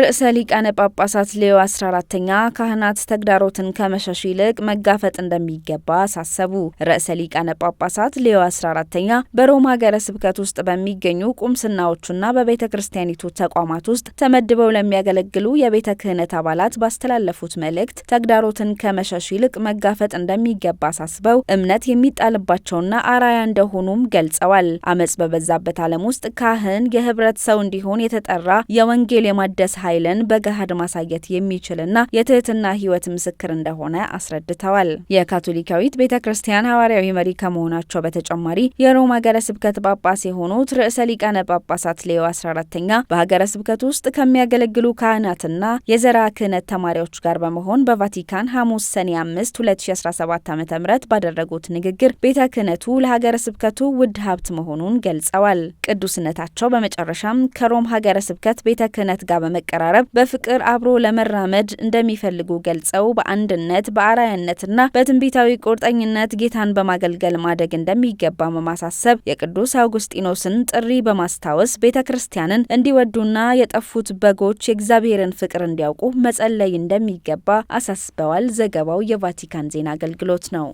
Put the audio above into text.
ርዕሰ ሊቃነ ጳጳሳት ሌዮ 14ተኛ ካህናት ተግዳሮትን ከመሸሽ ይልቅ መጋፈጥ እንደሚገባ አሳሰቡ። ርዕሰ ሊቃነ ጳጳሳት ሌዮ 14ተኛ በሮም ሀገረ ስብከት ውስጥ በሚገኙ ቁምስናዎቹና በቤተ ክርስቲያኒቱ ተቋማት ውስጥ ተመድበው ለሚያገለግሉ የቤተ ክህነት አባላት ባስተላለፉት መልእክት ተግዳሮትን ከመሸሽ ይልቅ መጋፈጥ እንደሚገባ አሳስበው እምነት የሚጣልባቸውና አራያ እንደሆኑም ገልጸዋል። አመጽ በበዛበት ዓለም ውስጥ ካህን የህብረት ሰው እንዲሆን የተጠራ የወንጌል የማደስ ኃይልን በገሃድ ማሳየት የሚችልና የትህትና ሕይወት ምስክር እንደሆነ አስረድተዋል። የካቶሊካዊት ቤተ ክርስቲያን ሐዋርያዊ መሪ ከመሆናቸው በተጨማሪ የሮም ሀገረ ስብከት ጳጳስ የሆኑት ርዕሰ ሊቃነ ጳጳሳት ሌዮ 14ኛ በሀገረ ስብከት ውስጥ ከሚያገለግሉ ካህናትና የዘራ ክህነት ተማሪዎች ጋር በመሆን በቫቲካን ሐሙስ ሰኔ 5 2017 ዓ ም ባደረጉት ንግግር ቤተ ክህነቱ ለሀገረ ስብከቱ ውድ ሀብት መሆኑን ገልጸዋል። ቅዱስነታቸው በመጨረሻም ከሮም ሀገረ ስብከት ቤተ ክህነት ጋር በመ በመቀራረብ በፍቅር አብሮ ለመራመድ እንደሚፈልጉ ገልጸው በአንድነት በአራያነትና በትንቢታዊ ቁርጠኝነት ጌታን በማገልገል ማደግ እንደሚገባ በማሳሰብ የቅዱስ አውጉስጢኖስን ጥሪ በማስታወስ ቤተ ክርስቲያንን እንዲወዱና የጠፉት በጎች የእግዚአብሔርን ፍቅር እንዲያውቁ መጸለይ እንደሚገባ አሳስበዋል። ዘገባው የቫቲካን ዜና አገልግሎት ነው።